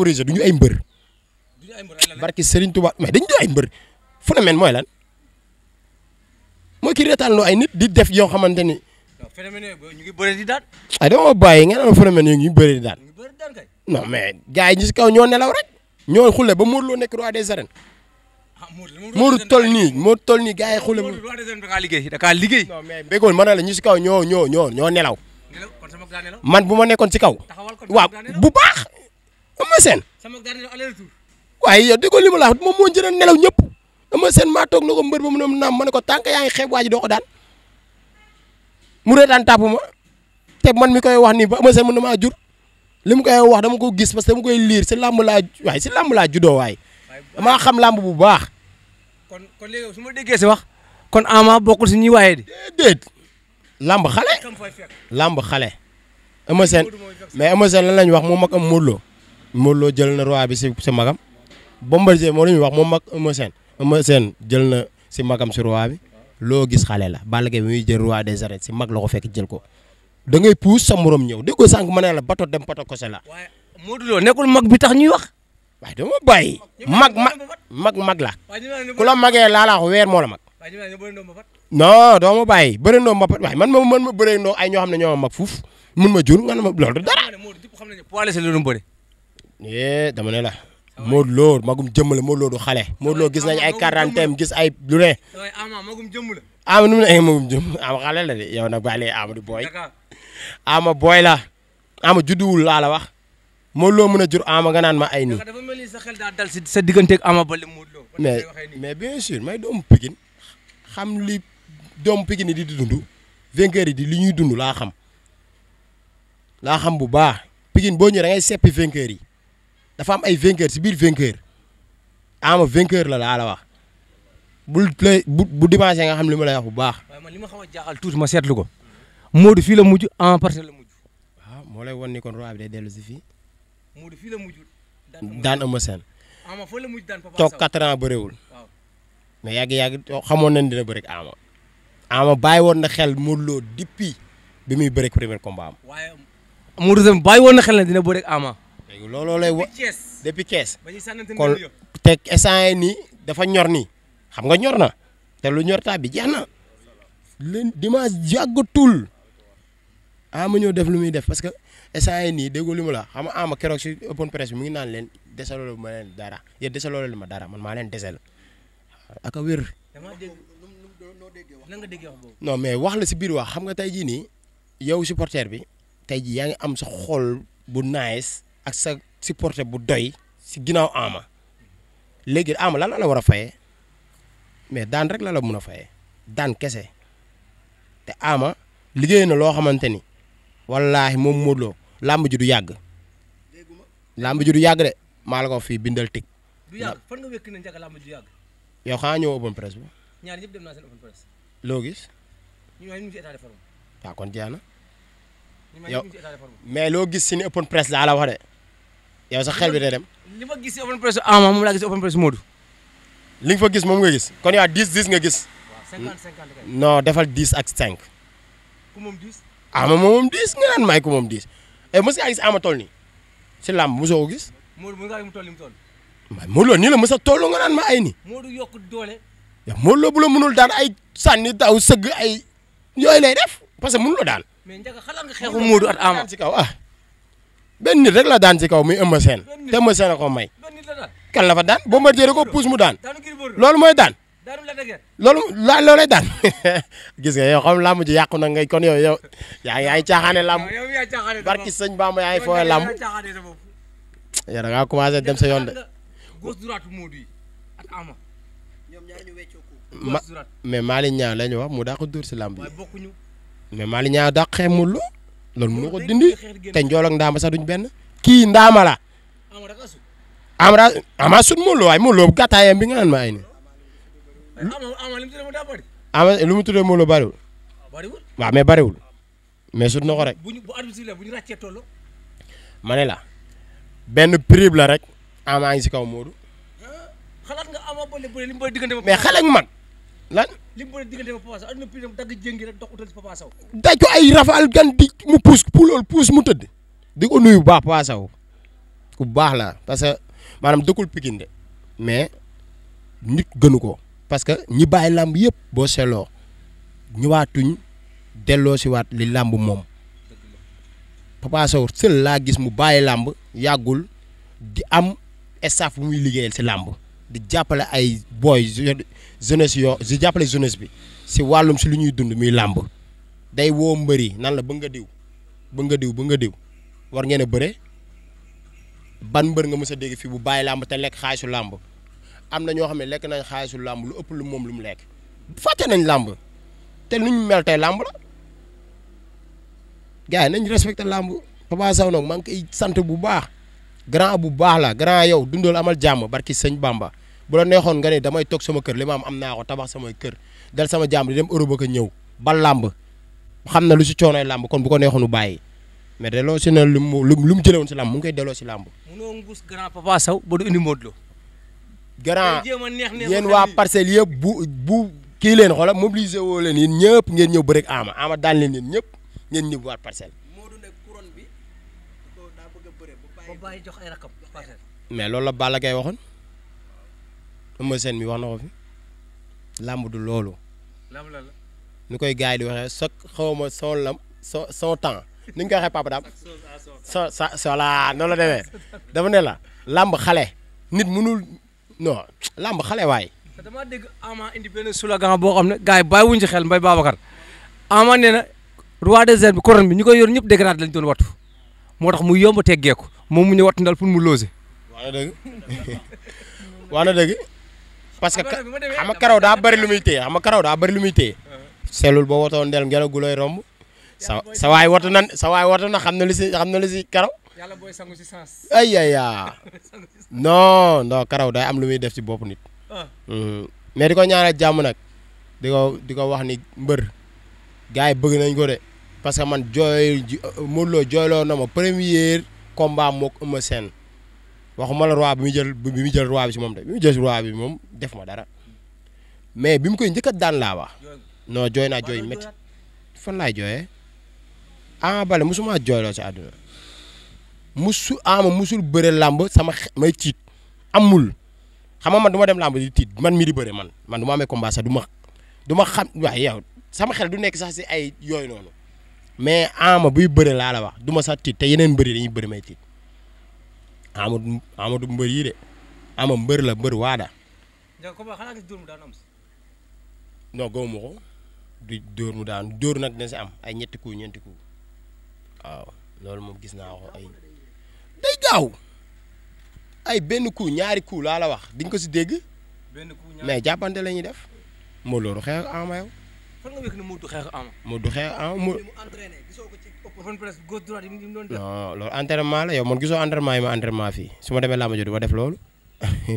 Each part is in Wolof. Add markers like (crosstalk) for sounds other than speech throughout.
favoriser du ñu ay mbër. barki Serigne Touba mais dañ du ay mbër phénomène mooy lan mooy ki reetaanloo ay nit di def yoo xamante ni. phénomène yooyu ñu ngi bëri di daan. ay dama bàyyi ngeen am phénomène yooyu ñu bëri di daan. ñu bëri di daan kay. non mais gars yi ñu si kaw ñoo nelaw rek ñoo xulle ba Modou Lo nekk roi des arènes. Modou toll nii Modou toll nii gars yi xulle. Modou roi des arènes da kaa liggéey da kaa liggéey. non mais béykat ma ne la ñu si kaw ñoo ñoo ñoo ñoo nelaw. man bu ma nekkoon si kaw. waaw bu baax. Eumeu Sène. waaye yow ko li ma la moom moo njëriñ nelaw ñëpp Eumeu Sène maa toog na ko mbër na mu ne naam ma ko tànk yaa ngi xeeb doo ko daan mu reetaan tàpp ma te man mi koy wax nii ba Eumeu Sène na maa jur li mu koy wax dama ko gis parce que mu koy liir si làmb laa waaye si làmb laa juddoo waaye damaa xam làmb bu baax. kon kon léegi su ma déggee si wax. kon Ama bokkul si ñi waaye di. déedéet làmb xale. làmb xale. Eumeu Sène mais la Sène wax moom ak am Modou Modou Lo jël na roi bi si si magam Bombardier moo lu ñuy wax moom mag Eumeu Sène Eumeu Sène jël na si magam si bi loo gis xale la Balla Gaye bi muy jël roi des arènes si mag la ko fekk jël ko da ngay puus sa morom ñëw déggoo sànq ma ne la bato dem bato kose la. waaye Modou Lo nekkul mag bi tax ñuy wax. waaye dama bàyyi. mag mag mag mag la. ku la magee laa la wax weer moo la doo ma bàyyi bëri ndoo mbapat waaye man ma man ma bëree ndoo ay ñoo xam ne ñoo ma mag fuuf mun ma jur nga ne ma loolu dara. yee eh, dama ne la. Ah Modou Lo magum jëmm la Modou Lo du xale. Ah Modou Lo gis nañ ah, ay quarantaine gis ay lu ne. ama magum la. ama nu mu ne eh, magum jëmm ama xale la de yow nag ama du booy. ama booy la ama judduwul laa la wax. Modou loo mën a jur ama nga naan ma ay nii. dafa mel ni sa xel daa sa digganteeg ama ba Modou Lo. mais mais bien sûr may doomu Pikine xam li doomu Pikine di dund. vainqueur yi di li ñuy dund laa xam. laa xam bu baax Pikine boo ñëwee da ngay seppi vainqueur yi. dafa am ay vainqueur si biir vainqueur ama vainqueur la laa la wax bul play bu bu dimanche nga xam li ma lay wax bu baax. waaye man li ma xaw a jaaxal ma seetlu ko. Modou fii la mujj en partie la mujj. waaw ah, moo lay wan ni kon si fii. Modou fii la mujj. daan Eumeu Sène. ama fa la mujj daan Papa Sow toog 4 ans bëriwul. waaw mais yàgg yàgg xamoon nañ dina bëri ama. ama bàyyi woon na xel Modou Lo depuis bi muy bëri premier combat am. waaye Modou Sène bàyyi woon na xel ne dina bëri ama. léegi looloo lay wa depuis kees kon te instant nii dafa ñor nii xam nga ñor na te lu ñor bi jeex na leen dimanche yàggatul ama ñëw def lu muy def parce que instant yii nii déggoo li mu la xam nga ama keroog si open press mu ngi naan leen desaloo ma leen dara yéen desaloo leen ma dara man maa leen desel ak a wér. non mais wax la si biir wax xam nga tey jii nii yow supporter bi tey jii yaa ngi am sa xol bu nice ak sa supporter bu doy si ginnaaw Ama léegi Ama lan la war a fayee mais daan rek la la mun a fayee daan kese te Ama liggéey na loo xamante ni wallaahi moom Modou Lo ji du yàgg làmb ji du yàgg de maa la ko fii bindal tig. du yàgg fan nga wékk ne njëkk làmb ji ñëw open press bu ñaar ñëpp dem naa press. laa la wax de. yow sax xel bi day dem. li ma gis open press Ama moom laa gis open press Modou. li nga fa gis moom nga gis kon yaa 10 10 nga gis. waaw 50 defal 10 ak 5. moom 10. Ama moom 10 nga naan ku moom 10 et eh, mos ngaa gis Ama toll ni si làmb mosoo ko gis. Modou mën ngaa gis mu toll nii mu toll. waaye Modou Lo nii la mos a toll nga naan ma ay nii. Modou yokk doole. yow Lo bu la mënul daan ay sànni taw sëgg ay yooyu lay def parce que mënul la daan. mais njëkk xalaat nga xeexu Ama kaw ah. be nit la daan si kaw muy Eumeu Sène te Eumeu Sène a ko may kan daan Bombardier da daan loolu mooy daan loolu la loolay daan (laughs) gis nga yow xam làmb ji na ngay kon yow yow yaa yaa ngi caaxaane làmb yaa ngi fooy làmb yow da ngaa commencé dem sa yoon de ma mais Malick Niang la ñu wax mu dàq dóor loolu mënu ko dindi te njool ak ndaama sax duñ benn kii ndaama la amra ama sut Modou Lo waaye Modou Lo gàttaayam bi nga naan ma ay ni ama lu mu tuddee Modou Lo bariwul waaw mais bariwul mais sut na ko rek ma ne la benn prix la rek ama ngi si kaw Modou mais xale ak man lan li mu bëri diggante ba Papa Sow àdduna ay rafal gan di mu puus pu puus mu tëdd. di ko nuyu bu baax Papa Sow baax la parce que maanaam dëkkul Pikine de mais nit gënu ko parce que ñi bàyyi làmb yëpp boo seetloo ñëwaatuñ delloo si waat li làmb moom Papa Sow seul laa gis mu bàyyi làmb yàggul di am staff muy liggéeyal si làmb di jàppale ay boy jeunesse yoo si jàppale jeunesse bi si wàllum si lu ñuy dund muy làmb day woo mbëri nan la ba nga diw ba nga diw ba diw war ngeen a bëre ban mbër nga mës dégg fii bu bàyyi làmb te lekk xaalisu làmb am na ñoo xam ne lekk nañ xaalisu làmb lu ëpp lu moom lu mu lekk fàtte nañ làmb te lu ñu mel tey làmb la gars yi nañ respecté làmb Papa Sow nag maa ngi sant bu baax grand bu baax la grand yow dundal amal jàmm barki sëñ bàmba bu la neexoon nga ne damay toog sama kër li ma am am naa ko tabax samay kër dal sama jàmm di dem Europe ak ñëw ba làmb xam na lu si coonoy làmb kon bu ko neexoon bàyyi mais loo si na lu mu lu mu jëlee si làmb mu ngi koy delloo si làmb. munoo ngus grand papa Sow ba du indi Modou Lo. grand yéen waa parcelle yëpp bu bu kii leen xoolal mobilisé woo leen yéen ñëpp ngeen ñëw bëreeg Ama Ama daan leen yéen ñëpp ngeen ñëw waa parcelle. mais loolu la Balla Gaye waxoon. ma Sène mi wax na ko fi làmb du loolu. làmb la la koy gars yi di waxee sa xaw ma son lam so son temps ni ñu koy waxee papa daam so sa sola noonu la demee dafa ne la làmb xale nit mënul non làmb xale waay. damaa dégg Ama indi benn slogan boo xam ne gars yi bàyyiwuñ ci xel Mbaye Babacar Ama nee na roi des arènes bi couronne bi ñu koy yor ñëpp dégradé lañ doon wattu moo tax mu yomb teggeeku moom mu ñu wattu ndal pour mu loose. (laughs) parce que ah, xam nga karaw daa bëri lu muy téye xam ah. nga karaw daa bëri lu muy selul ba wotoon ndel ngelaw gu lay romb sa na sa waay watu na na li si xam na li si karaw yàlla booy sangu si sens (laughs) karaw day am lu def si bopp nit ah. mm-hmm. mais di ko ñaanal jàmm nag di ko di wax ni mbër gars yi bëgg nañ ko de parce que man jooy Modou Lo jooyloo na ma première combat mook Eumeu Sène waxuma la roi bi muy jël bi muy jël roi si moom de bi muy jël roi moom def ma dara mais bi mu koy njëkkat daan laa wax noo jooy naa jooy métti fan laay jooyee Ama Baldé musuma jooyloo si àdduna musu ama musul bëre làmb sama may tiit amul xam nga man du ma dem làmb di tiit man mi di bëre man man du ma amee combat du ma du ma xam yow sama xel du nekk sax si ay yooyu noonu mais ama buy bëre laa la wax du ma sax tiit te yeneen bëri ñu bëri may tiit Amadou Amadou mbër yi de ama mbër la mbër waada. donc comme xanaa mu daan am si. non si am ay ñetti ku ñeenti ku waaw loolu moom gis naa ko ay gaaw ay benn ku ñaari kuu laa la wax di nga ko si dégg. benn ku ñaari mais jàppante ama yow. open press góor droit yi la yow man gisoo entraînement yi ma entraînement fii su ma demee làmb jooju ma def loolu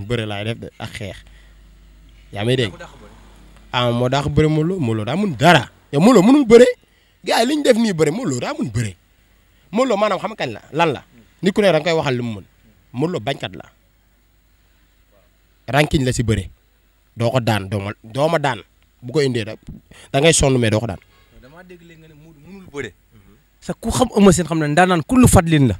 (laughs) bëre laay def de ak xeex yaa may dégg ah moo daax bëre Modou Lo daa mun dara yow Modou Lo mënul bëre li ñu def nii bëre Modou Lo daa mun bëre Modou Lo maanaam xam kañ la lan la nit ku ne da nga koy waxal li mu mën Modou Lo la rankiñ la si bëre doo ko daan doo ma doo ma daan bu ko indee da ngay sonn mais doo ko daan. nga ne sa ku xam Eumeu Sène xam ne daanaan kullu fatlin la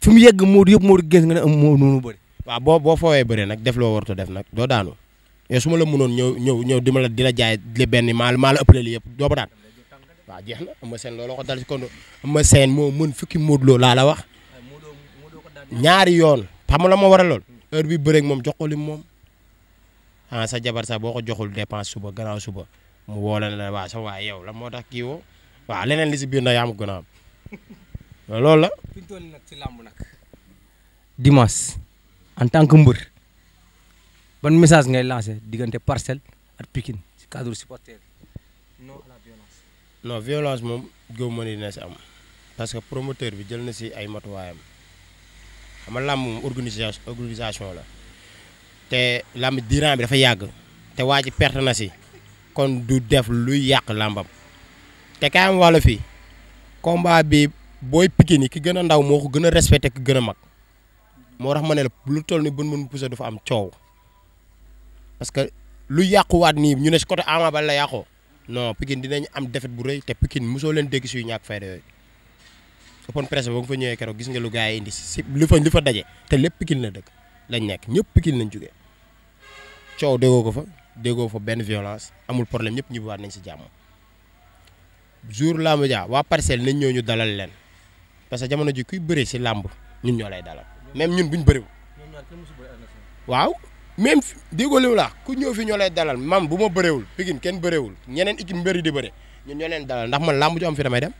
fu mu yegg Modou yëpp Modou gis nga ne moo noonu bëri. waaw boo boo foowee nag def loo warut def nag doo daanu su ma la mënoon ñëw ñëw ñëw di la di la jaay li benn maa maa la ëppale li yëpp doo ba daan jeex na Eumeu Sène looloo ko dal ci kon Eumeu moo mën fukki Modou Lo laa la wax ñaari yoon xam nga la ma war a lool heure bi bëreeg moom jox ko lim moom ah sa jabar sax boo ko joxul dépense suba gannaaw suba mu woo la ne la waa sa waaye yow la moo tax kii waaw leneen li si biir na yaa am loolu la. fi nag ci làmb nag. Dimanche en tant que mbër ban message ngay lancé diggante parcelle ak Pikine ci cadre supporter non violence. moom gëw ma ni dina si am parce que promoteur bi jël na si ay matuwaayam xam nga làmb moom organisation la te làmb diiran bi dafa yàgg te waa ji perte na si kon du def luy yàq làmbam. te kaay am wàllu fii combat bi booy Pikine ki gën a ndaw moo ko gën a respecté ki gën a mag moo tax ma ne la lu toll ni bën bën poussé dafa am coow parce que lu yàquwaat nii ñu ne si côté Ama Baldé la yàqoo non Pikine am défaite bu rëy te Pikine mosoo leen dégg suy ñàkk fayda yooyu open presse ba nga fa ñëwee keroog gis nga lu gars yi indi si li fa lu fa daje te lépp Pikine la dëkk lañ nekk ñëpp Pikine lañ jógee coow déggoo ko fa déggoo fa benn violence amul problème ñëpp waat nañ si jàmm. jour làmb ja waa parcelle nañ ñoo ñu dalal leen parce que jamono ji kuy bëree si làmb ñun ñoo lay dalal même ñun buñ bëriwul. waaw même déggoo li la ku ñëw fi ñoo lay dalal man bu ma bëriwul Pikine kenn bëriwul ñeneen équipe mbëri di bëri ñun ñoo leen dalal ndax man lamb ju am fi damay dem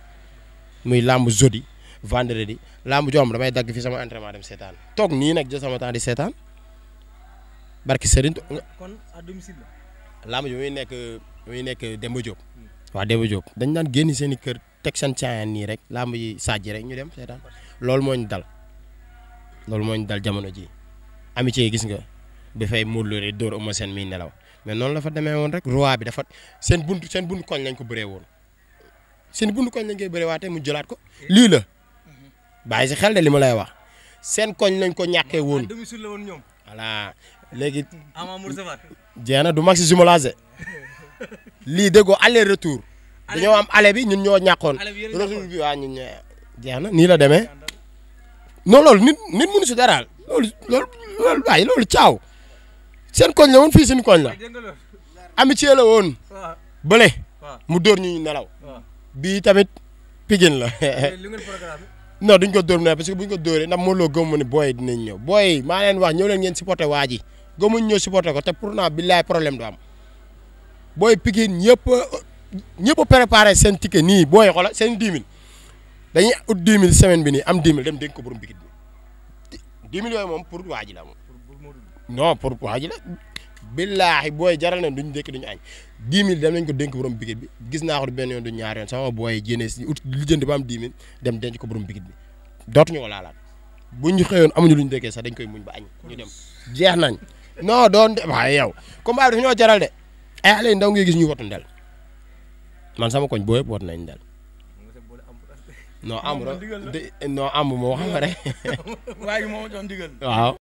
muy làmb jeudi vendredi làmb ju am damay dagg fi sama entraînement dem seetaan toog nii nag jël sama temps di seetaan barki Serigne. kon à domicile la. làmb ji nekk nekk Demba waa Demba Diop dañ daan génni seen i kër teg seen caayaan nii rek làmb yi sàjji rek ñu dem seetaan loolu moo ñu dal loolu moo dal jamono ji amitié yi gis nga bi fay muurlure dóor uma seen miy nelaw mais noonu la fa demee woon rek roi bi dafa seen bunt seen bunt koñ lañ ko bëree woon seen bunt koñ lañ koy bëree waatee mu jolaat ko lii la bàyyi si xel de li ma lay wax seen koñ lañ ko ñàkkee woon voilà léegi. jeex na du maxi jumelage lii de déggoo aller retour. dañoo am aller bi ñun ñoo ñàkkoon. retour bi waa ñun ñoo jeex na nii la demee. non loolu nit nit mënu si daraal loolu loolu loolu waaye loolu caaw seen koñ la woon fii seen koñ la amitié la woon bële mu dóor ñu nelaw bii tamit pigin la (laughs) non duñ ko dóor ne parce que buñ ko dóoree ndax moo loo gëmm ne booy dinañ ñëw booy maa leen wax ñëw leen ngeen supporté waa ji gëmuñ ñëw supporté ko te pour naa billaay problème du am booy Pikine ñëpp ñëpp préparé seen ticket nii booy xoolal seen 10 000 dañuy ut 10 000 semaine bi nii am 10 000 dem dénk ko borom Pikine bi moom pour waa ji la moom. non pour waa ji la. billaahi booy jaral na duñ dékk duñu añ 10 000 dem nañ ko dénk borom Pikine bi gis naa ko benn yoon du ñaar yoon sama booy génne di ut lu jënd ba am 10 000 dem denc ko borom Pikine bi dootuñu ko laalaat bu ñu xëyoon amuñu luñ dékkee sax dañ koy muñ ba añ ñu dem jeex nañ non doon de waaye yow combat bi dafa ñoo jaral de. ay eh, xale yu ndaw ngay gis ñu watu ndel man sama koñ boo yëpp wat nañ ndel non amb non amb moo xam rek (laughs) moo ma jox waaw